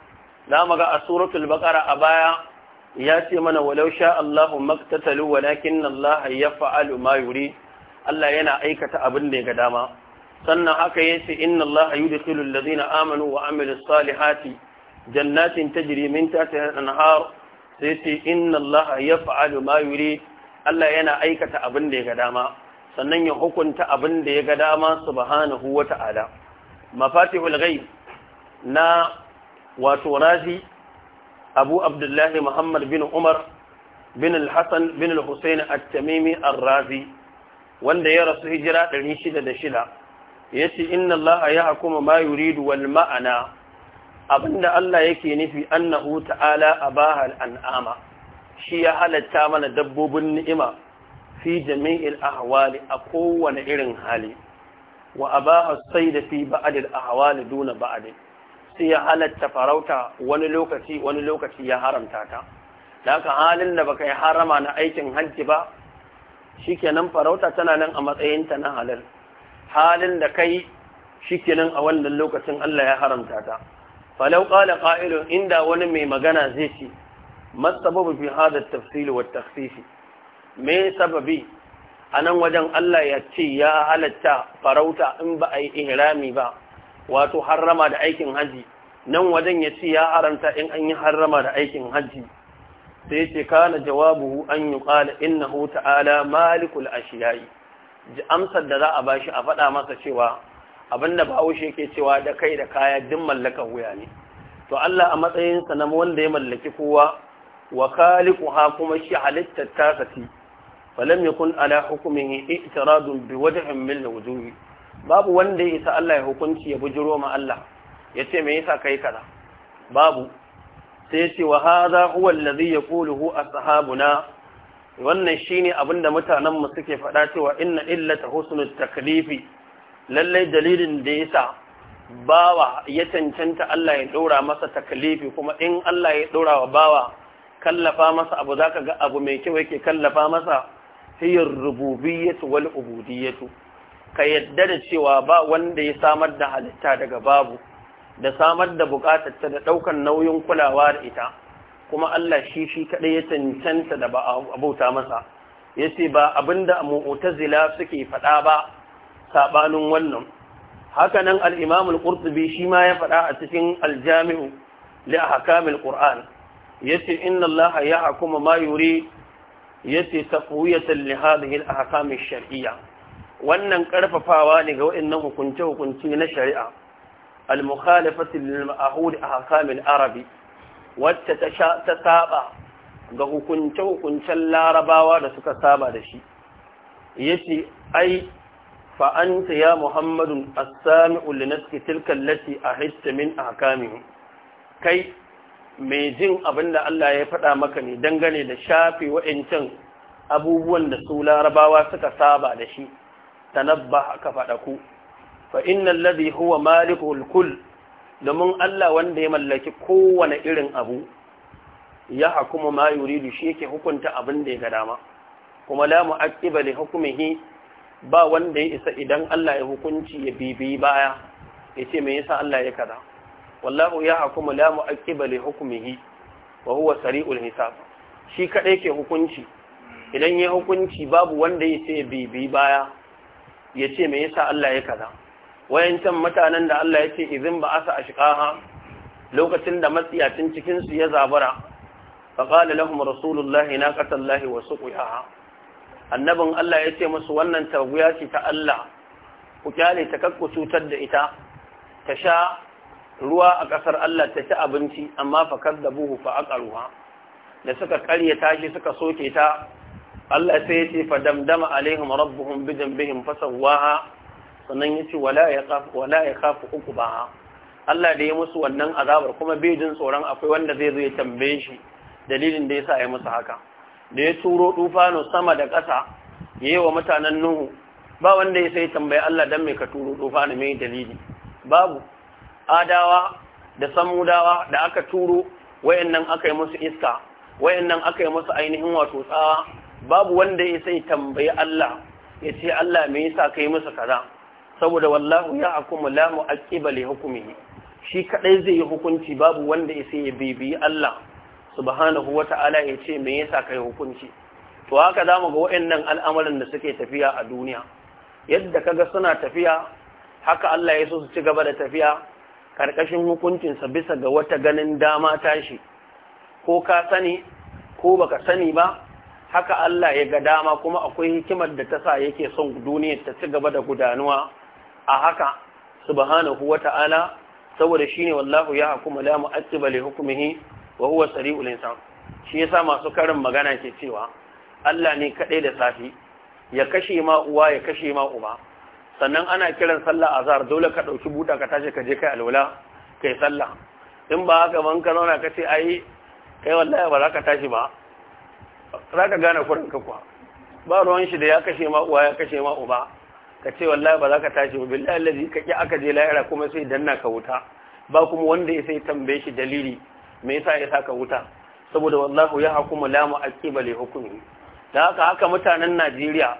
zamu ga a suratul baqara a baya ya ce mana walau sha Allahu maktatalu walakin Allah ya fa'alu ma yuri Allah yana aikata abin da ya ga dama sannan haka yace inna Allah yudkhilu zina amanu wa amilus salihati jannatin ta jiriminta ta al har. sai ce inna Allah ya fa'alu ma yuri Allah yana aikata abin da ya ga dama sannan ya hukunta abin da ya ga dama subhanahu wata'ala mafatihul ghaib na wato razi abu abdullahi muhammad bin umar bin al-hassan bin al-husaini at-tamimi wanda ya rasu hijira ya ce, inna ya hakuma ma yuridu wal ma'ana abinda Allah yake nufi annahu ta'ala abahal an'ama shi ya halatta mana dabbobin ni'ima fi jami'il ahwali a kowane irin hali wa abaha da fi ba'd al ahwali duna ba'd sai ya halatta farauta wani lokaci wani lokaci ya haramta ta da haka halin da baka yi harama na aikin hajji ba shikenan farauta tana nan a matsayinta na halal halin da kai shikenan a wannan lokacin Allah ya haramta ta falau qala qa'ilun inda wani mai magana zai ce masababu fi hadar tafsil wa takhsis me sababi anan wajen Allah ya ce ya halatta farauta in ba a yi ihrami ba wato harrama da aikin haji nan wajen ya ce ya haramta in an yi harrama da aikin haji sai yace kana jawabu an yuqala innahu ta'ala malikul ji amsar da za a bashi a faɗa masa cewa abinda bahaushe ke cewa da kai da kaya duk mallaka wuya ne to Allah a matsayinsa na wanda ya mallaki kowa wa ha kuma shi halittar ta kafi falam yakun ala hukumin i'tiradun bi wajhin min wujuhi babu wanda ya isa Allah ya hukunci ya bujiro ma Allah ya ce me yasa kai kaza babu sai ya ce wa hadha huwa alladhi yaquluhu ashabuna wannan shine abinda mutanen mu suke faɗa cewa inna illata husnul taklifi lallai dalilin da yasa bawa ya cancanta Allah ya ɗora masa takalifi kuma in Allah ya ɗora wa bawa kallafa masa abu zaka ga abu mai kyau yake kallafa masa hiyar rububiyyatu wal ubudiyyatu ka yadda da cewa ba wanda ya samar da halitta daga babu da samar da ta da ɗaukar nauyin kulawa da ita kuma Allah shi shi kaɗai ya cancanta da ba abota masa ya ce ba abinda mu'tazila suke faɗa ba saɓanin wannan haka nan al'imamul ƙurtubi shi ma ya faɗa a cikin aljami'u li a hakamil ƙur'an ya ce inna Allah ya hakuma ma yuri ya ce li hadhihi al-ahkam ash-shar'iyya wannan ƙarfafawa ne ga waɗannan hukunce-hukunce na shari'a al-mukhalafatu lil ma'hud a arabi wacce ta saba ga hukunce-hukuncen larabawa da suka saba da shi yace ai fa anta ya muhammadun as-sami'u li tilka allati ahidta min ahkamihi kai mai jin abinda Allah ya faɗa maka ne dangane da shafi wa'ancan abubuwan da su larabawa suka saba da shi tanabba ka faɗaku fa innal ladhi huwa malikul kull domin Allah wanda ya mallaki kowane irin abu ya hakuma ma yuridu shi yake hukunta abin da ya ga dama kuma la mu'aqqiba li hukmihi ba wanda ya isa idan Allah ya hukunci ya bibi baya yace me yasa Allah ya kaza wallahu ya hukuma la mu'aqqiba li hukmihi wa huwa sari'ul hisab shi kadai ke hukunci idan ya hukunci babu wanda ya ce bibi baya ya ce me yasa Allah ya kaza wayancan mutanen da Allah ya ce izin ba asa ashqaha lokacin da matsiyacin cikin su ya zabara fa qala lahum rasulullahi naqatallahi wa suqiha annabin Allah ya ce musu wannan taguya ce ta Allah ku kyale ta kakku cutar da ita ta sha ruwa a ƙasar Allah ta ci abinci amma fa kaddabuhu fa aqaruha da suka karya tashi suka soke ta Allah sai ya ce fa damdama alaihim rabbuhum bi dambihim fa sannan ya ce wala ya wala ya khafu Allah da ya musu wannan azabar kuma bai jin tsoron akwai wanda zai zo ya tambaye shi dalilin da yasa ya musu haka da ya turo dufano sama da ƙasa yayi wa mutanen Nuhu ba wanda ya sai tambaye Allah dan me ka turo dufano me dalili babu adawa da samudawa da aka turo wayannan aka yi musu iska wayannan aka yi musu ainihin wato tsawa babu wanda ya sai tambayi Allah ya ce Allah sa yasa yi masa kaza saboda wallahu ya hukumu la mu'aqqiba li hukmihi shi kaɗai zai yi hukunci babu wanda ya sai ya bibiyi Allah subhanahu wata'ala ya ce me yasa yi hukunci to haka za mu ga waɗannan al'amuran da suke tafiya a duniya yadda kaga suna tafiya haka Allah ya so su ci gaba da tafiya karkashin hukuncinsa bisa ga wata ganin dama tashi ko ka sani ko baka sani ba haka Allah ya ga dama kuma akwai hikimar da ta sa yake son duniyar ta ci gaba da gudanuwa a haka subhanahu ta'ala, saboda shine wallahu ya hukuma la mu'aqqiba li hukmihi wa huwa sari'ul insan shi yasa masu karin magana ke cewa Allah ne kadai da safi ya kashe ma uwa ya kashe ma uba sannan ana kiran sallah azhar dole ka dauki buta ka tashi ka je kai alwala kai sallah in ba haka ban ka zauna ka ce ai kai wallahi ba za ka tashi ba za ka gane kuranka kuwa ba ruwan shi da ya kashe ma'uwa ya kashe ma'u ba. ka ce wallahi ba za ka tashi ba billahi allazi ka ki aka je laira kuma sai danna ka wuta ba kuma wanda ya sai tambaye shi dalili me yasa ya saka wuta saboda wallahi ya hukuma la mu'aqiba li hukmi da haka haka mutanen Najeriya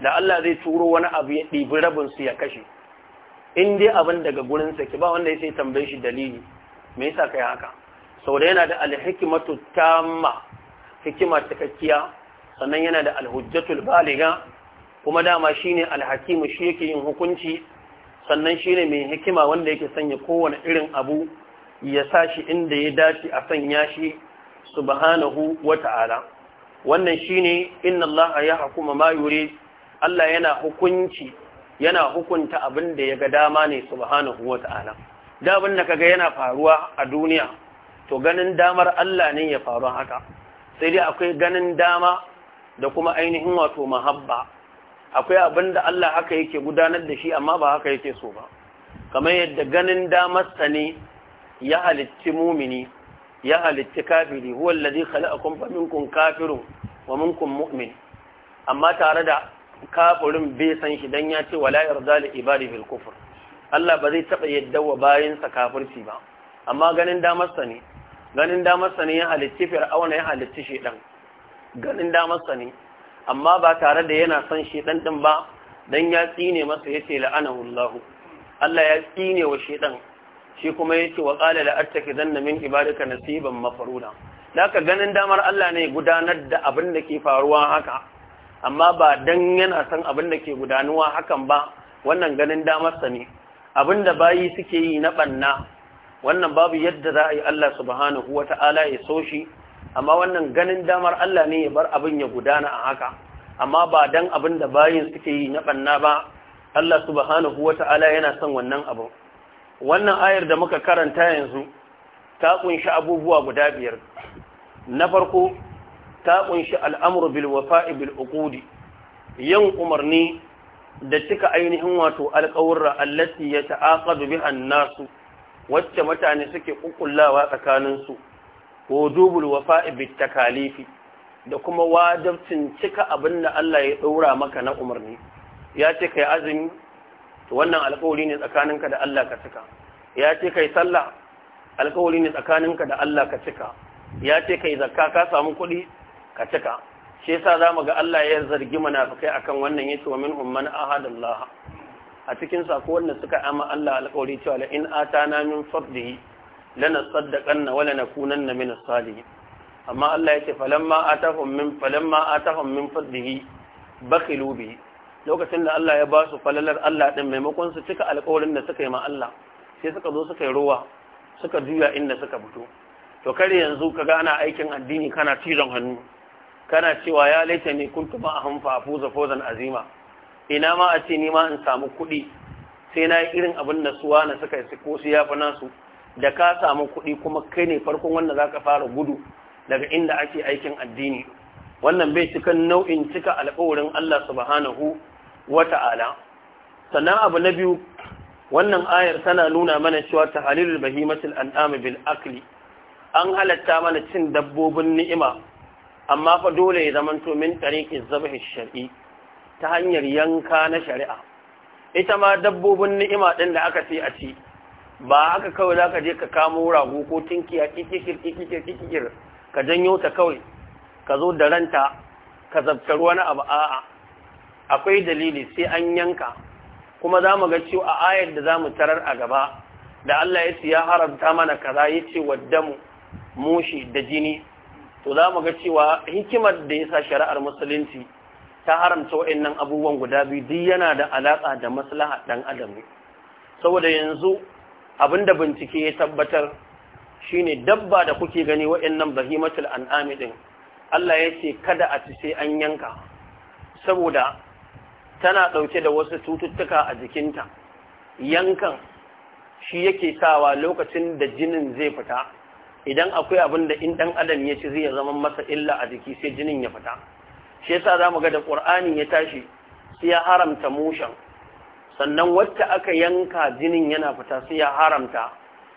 da Allah zai turo wani abu ya dibi rabin su ya kashe in dai abin daga gurin sa ki ba wanda ya sai tambaye shi dalili me yasa kai haka saboda yana da alhikmatu tamma hikima cikakkiya sannan yana da alhujjatul baliga kuma dama shine alhakimu shi yake yin hukunci sannan shine mai hikima wanda yake sanya kowane irin abu ya shi inda ya dace a sanya shi subhanahu wata'ala wannan shine inna Allah ya hukuma ma yuri Allah yana hukunci yana hukunta abin da ya ga dama ne subhanahu wata'ala da abin da kaga yana faruwa a duniya to ganin damar Allah ne ya faru haka sai dai akwai ganin dama da kuma ainihin wato mahabba akwai abin da Allah haka yake gudanar da shi amma ba haka yake so ba kamar yadda ganin damarsa ne ya halitti mumini ya halitti kafiri huwa alladhi khalaqakum fa minkum kafirun wa minkum mu'min amma tare da kafirin bai san shi dan ya ce wala yarda li bil kufr Allah ba zai taba yadda wa bayin sa kafirci ba amma ganin damarsa ne ganin damarsa ne ya halitti fir'auna ya halitti ɗan. ganin damarsa ne amma ba tare da yana son shedan ɗin ba don ya tsine masa ya ce la'anar Wallahu, Allah ya tsine wa ɗan, shi kuma ya ce wa qala la na min ibadika nasiban Da laka ganin damar Allah ne gudanar da abin da ke faruwa haka amma ba dan yana son abin da ke gudanuwa hakan ba wannan ganin damarsa ne abin da bayi suke yi na ɓanna wannan babu yadda za a yi Allah subhanahu wa ta'ala ya so shi amma wannan ganin damar Allah ne ya bar abin ya gudana a haka amma ba dan abin da bayin suke yi na banna ba Allah subhanahu wa ta'ala yana son wannan abu wannan ayar da muka karanta yanzu ta ƙunshi abubuwa guda biyar na farko ta ƙunshi al'amur bil wafa'i bil uqudi yin umarni da cika ainihin wato alƙawurra allati ya ta'aqadu bihan nasu wacce mutane suke kukullawa tsakaninsu wujubul wafa'i bit takalifi da kuma wajibcin cika abin da Allah ya ɗora maka na umarni ya ce kai azumi wannan alƙawari ne tsakaninka da Allah ka cika ya ce kai sallah alƙawari ne tsakaninka da Allah ka cika ya ce kai zakka ka samu kuɗi ka cika shi yasa zamu ga Allah ya zargi munafikai akan wannan yace wa min umman ahadallah a cikin sako wanda suka ama Allah alƙawari cewa la in atana min fadlihi saddaqanna wa lanakunanna min as-salihin amma Allah yace falamma atahum min falamma atahum min fadlihi bakhilu bi lokacin da Allah ya ba su falalar Allah din maimakon su cika alƙawarin da suka yi ma Allah sai suka zo suka yi ruwa suka juya inda suka fito to kare yanzu ka gana aikin addini kana cizon hannu kana cewa ya laita ne kuntuma ahum fa fuza fawzan azima ina ma a ce ni ma in samu kuɗi sai na yi irin abin da suwa na suka yi ko su ya fi nasu da ka samu kuɗi kuma kai ne farkon wanda za ka fara gudu daga inda ake aikin addini wannan bai cika nau'in cika alƙawarin Allah subhanahu wa ta'ala sannan abu na biyu wannan ayar tana nuna mana cewa ta halilul bahimatul an'am bil akli an halatta mana cin dabbobin ni'ima amma fa dole ya zamanto min tariqi zabhi shar'i ta hanyar yanka na shari'a ita ma dabbobin ni'ima ɗin da aka ce a ci ba aka kawai za ka je ka kamo rago ko tinkiya kikikir kikikir kikikir ka janyo ta kawai ka zo da ranta ka zabtar wani abu a'a akwai dalili sai an yanka kuma za mu ga cewa a ayar da za mu tarar a gaba da Allah ya siya ya haramta mana kaza ya ce damu mushi da jini to za mu ga cewa hikimar da ya sa shari'ar musulunci ta haramta wa'annan abubuwan guda biyu duk yana da alaka da maslaha ɗan adam ne saboda yanzu abinda bincike ya tabbatar shine dabba da kuke gani wa'annan bahimatul an'ami din Allah ya ce kada a ci sai an yanka saboda tana ɗauke da wasu cututtuka a jikinta yankan shi yake sawa lokacin da jinin zai fita idan akwai abin da in ɗan adam ya ci zai zama masa illa a jiki sai jinin ya fita shi yasa zamu ga da Qur'ani ya tashi sai ya haramta mushan sannan wacce aka yanka jinin yana fita sai ya haramta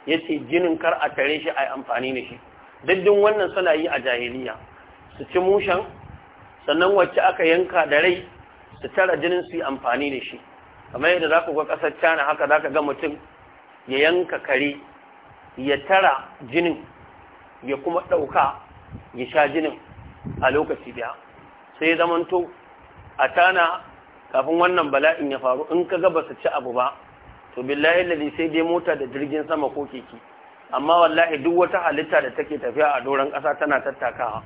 yace jinin kar a tare shi ai amfani da shi daddin wannan suna yi a jahiliya su ci mushan sannan wacce aka yanka da rai su tara jinin su yi amfani da shi kamar yadda za ga ƙasar cana haka zaka ga mutum ya yanka kare ya tara jinin ya kuma ɗauka ya sha jinin a lokaci biya sai zamanto a tana kafin wannan bala'in ya faru in ka gaba su ci abu ba to billahi lalli sai dai mota da jirgin sama ko keke amma wallahi duk wata halitta da take tafiya a doron ƙasa tana tattakawa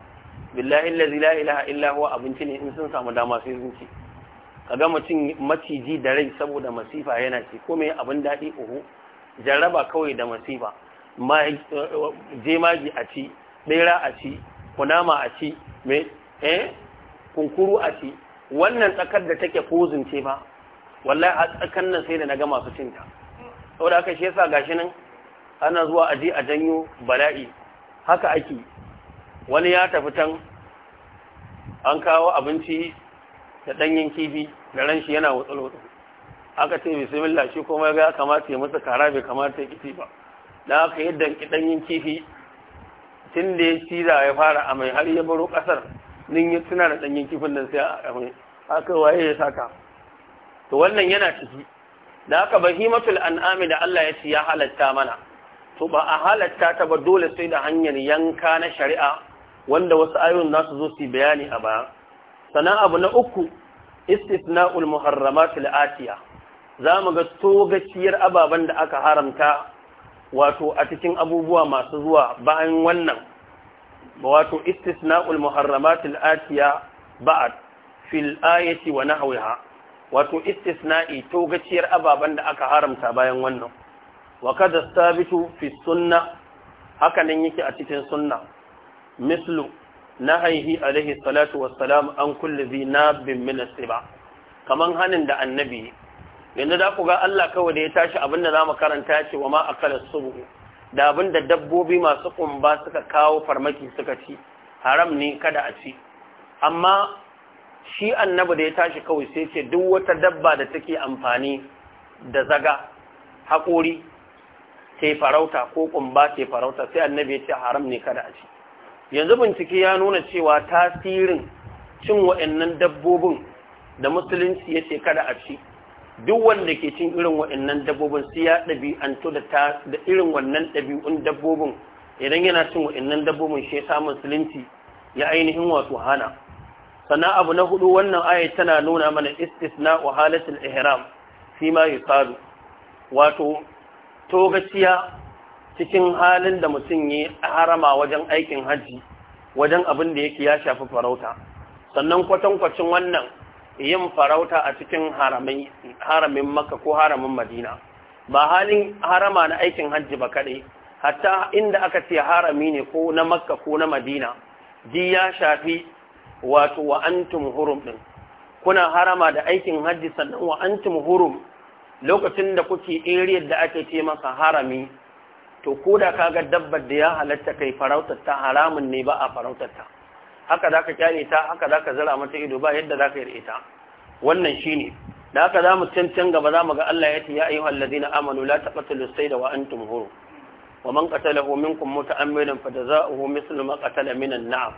billahi lalli la ilaha illa huwa abinci ne in sun samu dama sai zuci ka kaga mutum maciji da rai saboda masifa yana ci ko mai abin daɗi uhu jaraba kawai da masifa eh, eh, jemagi a ci ɓera a ci kunama a ci eh kunkuru a ce wannan tsakar da take kozin ce ba wallahi a tsakar nan sai da na ga masu cinta da aka shi yasa gashi nan ana zuwa a ji a janyo bala'i haka ake wani ya tafi tan an kawo abinci da ɗanyen kifi da ran shi yana wutsul aka ce bismillah shi kuma ga kamata ya masa kara bai kamata ya kici ba da aka yadda ɗanyen kifi tun da ya ciza ya fara a mai har ya baro ƙasar nin suna da ɗanyen kifin nan sai a abin aka waye ya saka to wannan yana ciki da haka bahimatul an'ami da Allah ya ci ya halatta mana to ba a halatta ta ba dole sai da hanyar yanka na shari'a wanda wasu ayoyin nasu zo su bayani a baya sannan abu na uku istisna'ul muharramatul atiya za mu ga togaciyar ababen da aka haramta wato a cikin abubuwa masu zuwa bayan wannan wato istisna'ul muharramatil atiya ba'ad fil ayati wa nahwiha wato istisna'i togaciyar ababen da aka haramta bayan wannan wa kada sabitu fi sunnah haka nan yake a cikin sunna mislu nahaihi alaihi salatu wassalam an kulli bi nabin min asiba kaman hanin da annabi yanzu da ku ga Allah kawai da ya tashi abin da zamu karanta ya ce wa ma akala subhu da abin da dabbobi masu ƙumba suka kawo farmaki suka ci haram ne kada a ci amma shi annabi da ya tashi kawai sai ce duk wata dabba da take amfani da zaga haƙuri, sai farauta ko ƙumba sai farauta sai annabi ya ce haram ne kada a ci yanzu bincike ya nuna cewa tasirin cin wa'annan dabbobin da musulunci ya ce kada a ci duk wanda ke cin irin waɗannan dabbobin sai ya ɗabi'antu da ta da irin wannan ɗabi'un dabbobin idan yana cin waɗannan dabbobin shi ya musulunci ya ainihin wato hana sannan abu na hudu wannan aya tana nuna mana istisna wa halatul ihram fi ma yusadu wato togaciya cikin halin da mutum yi harama wajen aikin hajji wajen abin da yake ya shafi farauta sannan kwatankwacin wannan yin farauta a cikin haramin makka ko haramin madina ba halin harama na aikin hajji ba kaɗai hatta inda aka ce harami ne ko na makka ko na madina ji ya shafi wato wa antum hurum ɗin kuna harama da aikin hajji sannan wa antum hurum lokacin da kuke eriyar da ake ce masa harami to ko da kaga dabbar da ya halatta kai farautar ta haramun ne ba a farautar ta haka za ka kyale ta haka za ka zara mata ido ba yadda za ka yi ita wannan shi ne da haka za mu cancan gaba za mu ga Allah ya ce ya ayyuhal ladina amanu la taqtulu sayda wa antum huru wa man qatalahu minkum muta'ammidan fajaza'uhu mithlu ma qatala minan na'am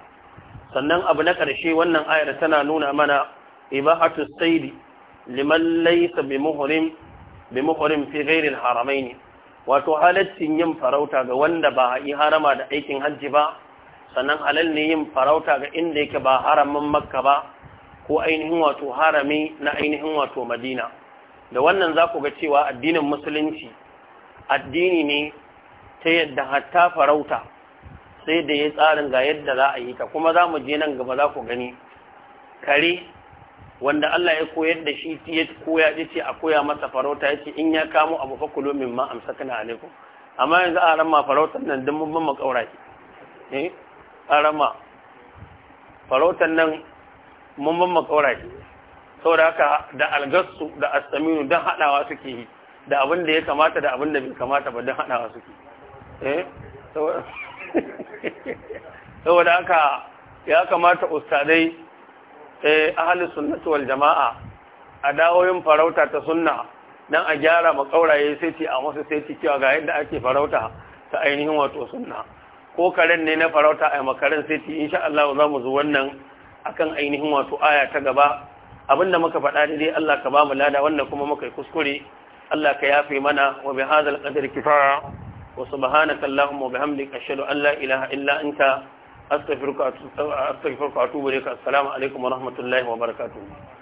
sannan abu na karshe wannan ayar tana nuna mana ibahatu saydi liman laysa bi muhrim fi ghairi al-haramain wato halaccin yin farauta ga wanda ba yi harama da aikin hajji ba sannan halal ne yin farauta ga inda yake ba haramin makka ba ko ainihin wato harami na ainihin wato madina da wannan za ku ga cewa addinin musulunci addini ne ta yadda hatta farauta sai da ya tsarin ga yadda za a yi ta kuma za mu je nan gaba za ku gani kare wanda Allah ya koyar da shi ya koya ya ce a koya masa farauta ya ce in ya kamo abu fa kulo min ma amsakna alaikum amma yanzu a ran ma farautar nan dun mun Karama, farautan nan mun ban makaura shi saboda haka da algasu da astaminu don haɗawa suke yi da abin da ya kamata da abin da bai kamata ba don haɗawa suke eh saboda haka ya kamata ustadai eh ahli sunnati wal jama'a a dawo yin farauta ta sunna dan a gyara makauraye sai ti a musu sai ti cewa ga yadda ake farauta ta ainihin wato sunna ko karen ne na farauta a makarin in insha Allah za mu zo wannan akan ainihin wato aya ta gaba abinda muka faɗa dai Allah ka ba mu lada wannan kuma muka yi kuskure Allah ka yafe mana wa bi hadal qadar kifaya wa subhanaka allahumma wa bihamdika ashhadu an la ilaha illa anta astaghfiruka wa atubu ilaik assalamu alaikum wa rahmatullahi wa barakatuh